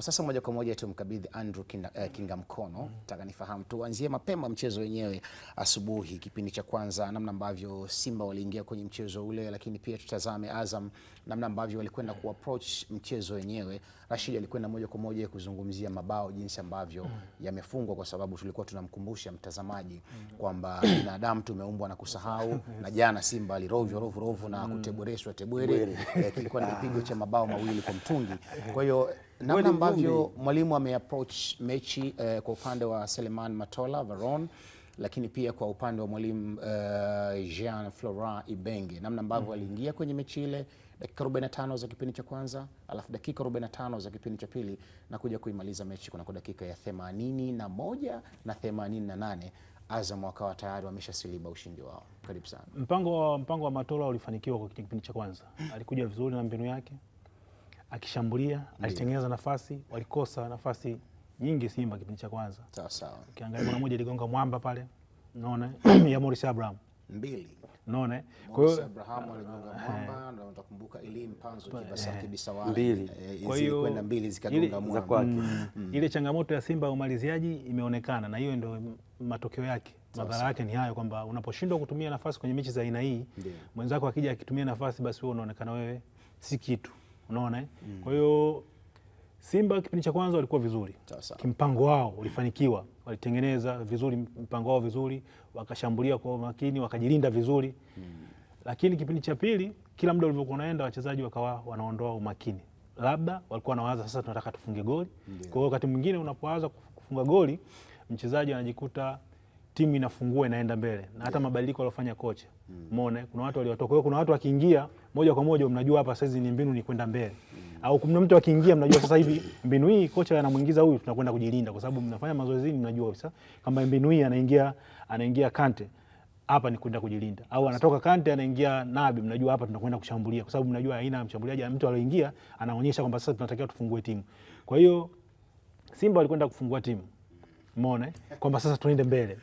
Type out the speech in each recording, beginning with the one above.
Kwa sasa moja kwa moja tumkabidhi Andrew Kinga, uh, eh, Kinga Mkono. Mm. Nataka nifahamu tuanzie mapema mchezo wenyewe asubuhi, kipindi cha kwanza, namna ambavyo Simba waliingia kwenye mchezo ule, lakini pia tutazame Azam namna ambavyo walikwenda mm. approach mchezo wenyewe. Rashid alikwenda moja kwa moja kuzungumzia mabao jinsi ambavyo mm. yamefungwa, kwa sababu tulikuwa tunamkumbusha mtazamaji mm. kwamba binadamu tumeumbwa na kusahau, na jana Simba alirovyo rovu rovu na mm. kuteboreshwa tebwere, eh, kilikuwa ni kipigo cha mabao mawili kwa mtungi, kwa hiyo namna ambavyo mwalimu ameapproach mechi uh, kwa upande wa Seleman Matola Varon, lakini pia kwa upande wa mwalimu uh, eh, Jean Flora Ibenge, namna ambavyo mm -hmm. aliingia kwenye mechi ile dakika 45 za kipindi cha kwanza alafu dakika 45 za kipindi cha pili na kuja kuimaliza mechi kunako dakika ya 81 na 88 na Azam wakawa tayari wameshasiliba ushindi wao. Karibu sana. Mpango wa mpango wa Matola ulifanikiwa kwa kipindi cha kwanza, alikuja vizuri na mbinu yake akishambulia, alitengeneza nafasi, walikosa nafasi nyingi Simba kipindi cha kwanza. Sawa sawa. Ukiangalia kuna moja iligonga mwamba pale, unaona ya Morris Abraham mbili unaona. Kwa hiyo Abraham aligonga eh. mwamba, na utakumbuka ile mpanzo eh. kibasa kibisa wale mbili, eh, kwa hiyo kwenda mbili zikagonga mwamba. Mm. Mm. Ile changamoto ya Simba ya umaliziaji imeonekana, na hiyo ndio matokeo yake. Madhara yake ni hayo kwamba unaposhindwa kutumia nafasi kwenye mechi za aina hii, mwenzako akija akitumia nafasi, basi wewe unaonekana wewe si kitu unaona eh? mm. Kwa hiyo Simba kipindi cha kwanza walikuwa vizuri Tasa. Kimpango wao ulifanikiwa, walitengeneza vizuri mpango wao vizuri, wakashambulia kwa makini, wakajilinda vizuri mm. Lakini kipindi cha pili kila muda ulivyokuwa unaenda, wachezaji wakawa wanaondoa umakini, labda walikuwa wanawaza sasa tunataka tufunge goli yeah. Kwa hiyo wakati mwingine unapowaza kufunga goli mchezaji anajikuta timu inafungua inaenda mbele na hata mabadiliko aliyofanya kocha mm. umeona, kuna watu waliotoka. Kwa kuna watu wakiingia moja kwa moja, mnajua hapa sasa ni mbinu ni kwenda mbele, mm. au kuna mtu akiingia, mnajua sasa hivi mbinu hii kocha anamuingiza huyu, tunakwenda kujilinda, kwa sababu mnafanya mazoezi, mnajua kabisa kama mbinu hii anaingia anaingia Kante hapa ni kwenda kujilinda, au anatoka Kante anaingia Nabi, mnajua hapa tunakwenda kushambulia, kwa sababu mnajua aina ya mshambuliaji mtu alioingia anaonyesha kwamba sasa tunatakiwa tufungue timu. Kwa hiyo Simba walikwenda kufungua timu, umeona kwamba sasa tuende mbele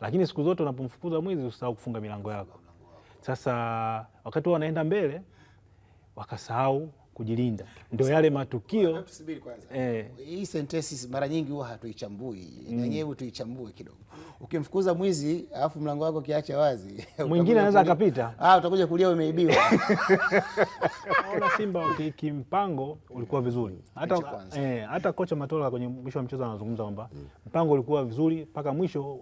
lakini siku zote unapomfukuza mwizi usahau kufunga milango yako. Sasa wakati wao wanaenda mbele wakasahau kujilinda, ndio yale matukio. Tusubiri kwanza, eh, hii sentensi mara nyingi huwa hatuichambui mm. yenyewe, tuichambue kidogo. Ukimfukuza mwizi alafu mlango wako ukiacha wazi, mwingine anaweza akapita, ah, utakuja kulia umeibiwa. Ona Simba kimpango ulikuwa vizuri, hata eh, hata kocha Matola kwenye mwisho wa mchezo anazungumza kwamba mm. mpango ulikuwa vizuri mpaka mwisho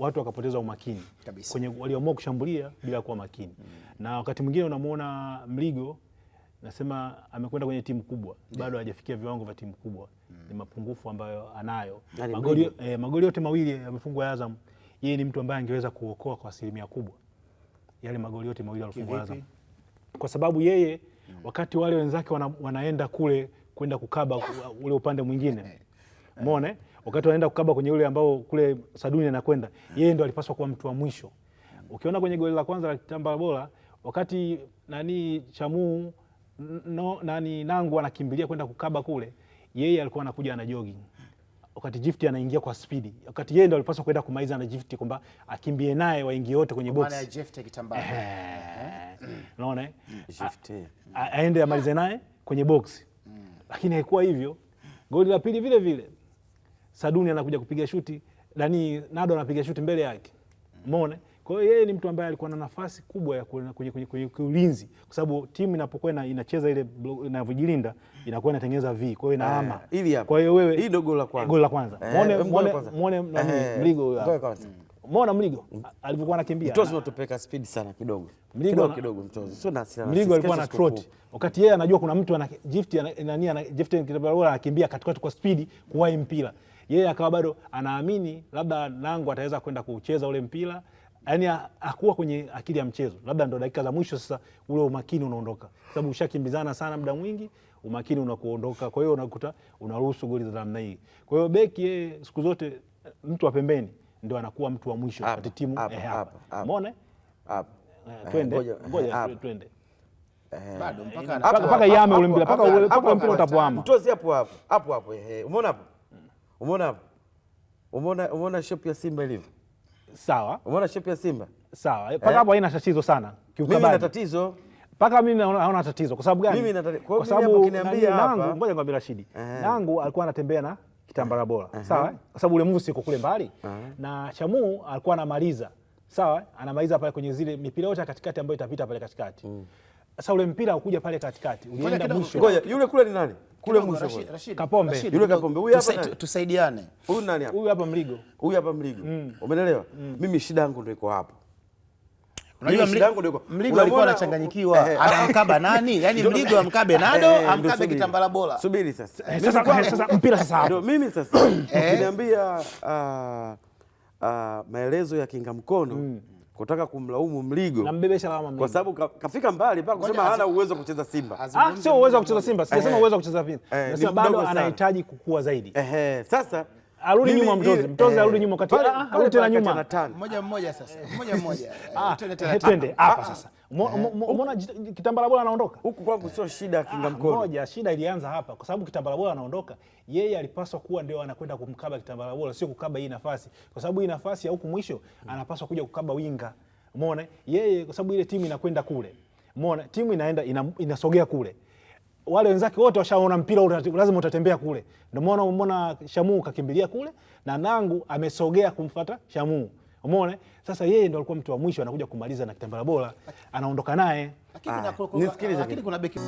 watu wakapoteza umakini kabisa kwenye waliamua kushambulia bila kuwa makini mm. na wakati mwingine unamwona Mligo nasema amekwenda kwenye timu kubwa bado hajafikia viwango vya timu kubwa mm. ni mapungufu ambayo anayo. Magoli, eh, magoli yote mawili yamefungwa Azam, yeye ni mtu ambaye angeweza kuokoa kwa asilimia kubwa yale magoli yote mawili alifungwa Azam, kwa sababu yeye mm. wakati wale wenzake wana, wanaenda kule kwenda kukaba ule upande mwingine, umeona wakati wanaenda kukaba kwenye ule ambao kule Saduni anakwenda yeye ndo alipaswa kuwa mtu wa mwisho. Ukiona kwenye goli la kwanza la kitamba bora, wakati nani chamuu no, nani nangu anakimbilia kwenda kukaba kule, yeye alikuwa anakuja ana jogging wakati jifti anaingia kwa spidi, wakati yeye ndo alipaswa kwenda kumaliza na jifti kwamba akimbie naye waingie wote kwenye box, maana Gift kitambaa, mm. unaona, aende amalize naye kwenye box, mm. lakini haikuwa hivyo. Goli la pili vile vile Saduni anakuja kupiga shuti, nani Nado anapiga shuti mbele yake, umeona. Kwa hiyo yeye ni mtu ambaye alikuwa na nafasi kubwa ya kwenye ulinzi, kwa sababu timu inapokuwa inacheza ile inavyojilinda inakuwa inatengeneza V, kwa hiyo inaama eh, ili Kwa hiyo wewe hii dogo la kwanza, goli la kwanza, muone muone muone mligo Mona mligo alivyokuwa anakimbia. Mtozo unatupeleka speed sana kidogo, mligo kidogo, mtozo sio na sana. Mligo alikuwa na trot, wakati yeye anajua kuna mtu ana gift, ana nani, ana gift, anakimbia katikati kwa speed kuwahi mpira yeye akawa bado anaamini labda Nangu ataweza kwenda kucheza ule mpira, yaani akuwa kwenye akili ya mchezo, labda ndo dakika za mwisho sasa ule umakini unaondoka, kwa sababu ushakimbizana sana muda mwingi, umakini unakuondoka, kwa hiyo unakuta unaruhusu goli za namna hii. Kwa hiyo beki yeye siku zote mtu wa pembeni ndo anakuwa mtu wa mwisho kati timu hapa, umeona eh? Eh, twende ngoja twende eh. bado mpaka mpaka yame ule mpira mpaka ule mpira utapoama mtozi hapo hapo hapo hapo, umeona hapo Umeona hapo? Umeona umeona shape ya Simba ilivyo? Sawa. Umeona shape ya Simba? Sawa. Eh? Paka hapo eh, haina tatizo sana. Kiukabani. Mimi na tatizo. Paka mimi naona tatizo kwa sababu gani? Mimi na tatizo. Kwa sababu ukiniambia hapa, nangu ngoja nikwambie Rashidi. Eh. Nangu alikuwa anatembea na kitambara bora. Eh. Sawa? Kwa sababu ule musi uko kule mbali eh. na Chamu alikuwa anamaliza. Sawa? Anamaliza pale kwenye zile mipira yote katikati ambayo itapita pale katikati. Mm. Sasa ule mpira ukuja pale katikati, ulienda mwisho. Ngoja, yule kule ni nani? Kule mwisho kule. Kapombe. Yule Kapombe. Huyu hapa nani? Tusaidiane. Huyu nani hapa? Huyu hapa Mligo. Huyu hapa Mligo. Mm. Umeelewa? Mm. Mimi shida yangu ndio iko hapo. Unajua Mligo, Mligo alikuwa anachanganyikiwa, eh, eh, anamkaba eh. nani? Yaani Mligo amkabe Nado, amkabe Kitambala Bola. Subiri sasa. Sasa sasa mpira sasa hapo. Mimi sasa ukiniambia ah, ah, ah, maelezo ya kinga mkono mm kutaka kumlaumu Mligo na kwa sababu ka, kafika mbali mpaka kusema hana uwezo wa kucheza Simba. Ah, sio uwezo wa kucheza Simba, sijasema eh. uwezo wa kucheza vipi, eh, nasema bado anahitaji kukua zaidi. Ehe, eh, sasa arudi nyuma Mtoze, Mtoze eh, arudi nyuma kati, ah, arudi tena nyuma, moja mmoja sasa, moja mmoja, ah, twende hapa sasa. Eh. Umeona Kitambala Bora anaondoka huku kwangu, sio shida kinga ah, mkono moja. Shida ilianza hapa, kwa sababu Kitambala Bora anaondoka, yeye alipaswa kuwa ndio anakwenda kumkaba Kitambala Bora, sio kukaba hii nafasi, kwa sababu hii nafasi ya huku mwisho hmm. anapaswa kuja kukaba winga. Umeona yeye, kwa sababu ile timu inakwenda kule, umeona timu inaenda inasogea kule wale wenzake wote washaona mpira lazima utatembea kule. Ndio maana umeona Shamu kakimbilia kule na Nangu amesogea kumfata Shamu. Umeona? Sasa yeye ndo alikuwa mtu wa mwisho anakuja kumaliza na kitambala bora, anaondoka naye. Lakini kuna beki